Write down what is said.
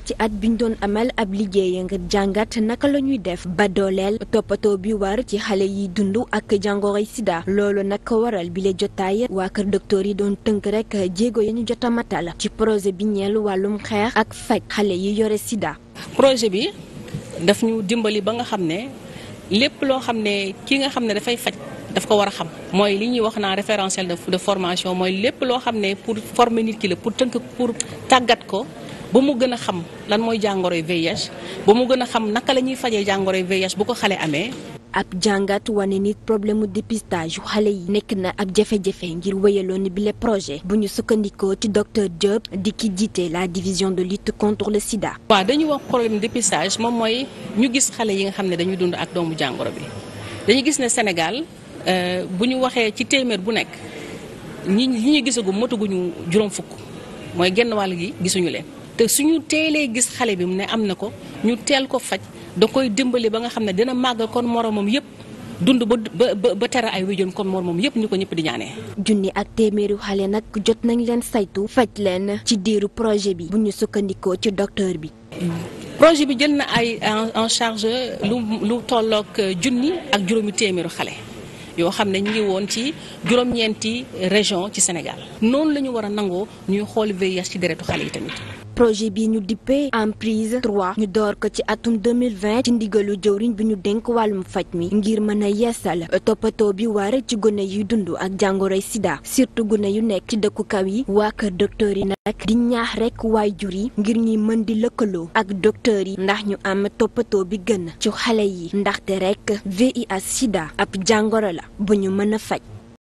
ci at bi ñu doon amal ab liggéey ngir jàngat naka la ñuy def ba dooleel toppatoo bi war ci xale yi dund ak jàngoroy sida loolu nag waral bi le jotaay waa kër docteur yi doon tënk rek jéego ya ñu jot a matal ci projet bi ñeel wàllum xeex ak faj xale yi yore sida. projet bi daf ñu dimbali ba nga xam ne lépp loo xam ne ki nga xam ne dafay faj. daf ko war a xam mooy li ñuy wax naa référentiel de formation mooy lépp loo xam ne pour former nit ki la pour tënk pour tàggat ko ba mu gën a xam lan mooy jàngoroy VIH ba mu gën a xam naka la ñuy fajee jàngoroy VIH bu ko xale amee. ab jàngat wane nit problème mu dépistage yu xale yi nekk na ab jafe-jafe ngir wéyaloon bi le projet bu ñu sukkandikoo ci docteur Diop di ki jiite la division de lutte contre sida. waa dañuy wax problème dépistage moom mooy ñu gis xale yi nga xam ne dañu dund ak doomu jàngoro bi dañu gis ne Sénégal euh, bu ñu waxee ci téeméer bu nekk ñi ñi ñu gisagu mataguñu juróom fukk mooy genn wàll gi gisuñu leen. te suñu teelee gis xale bi mu ne am na ko ñu teel ko faj da koy dimbali ba nga xam ne dana màgg kon moromam yëpp dund ba ba ba ay wéjoon kon moromam yëpp ñu ko ñëpp di ñaanee. junni ak téeméeri xale nag jot nañ leen saytu. faj leen ci diiru projet bi. bu ñu sukkandikoo ci docteur bi. projet bi jël na ay en charge lu lu tollook junni ak juróomi téeméeru xale yoo xam ne ñu ngi woon ci juróom-ñeenti région ci Sénégal noonu la ñu war a nangoo ñuy xool VIH ci deretu xale projet bi ñu dippee emprise 3 ñu door ko ci atum 2020 ci ndigalu jëwriñ bu ñu dénk wàllum faj mi ngir mën a yeesal toppatoo bi waare ci gone yuy dund ak jàngoroy sida surtout gune yu nekk ci dëkku kaw yi waa kër docteur yi nag di ñaax rekk waajur yi ngir ñuy mën di lëkkaloo ak docteur yi ndax ñu am toppatoo bi gën ci xale yi ndaxte rekk VIH sida ab jàngoro la bu ñu mën a faj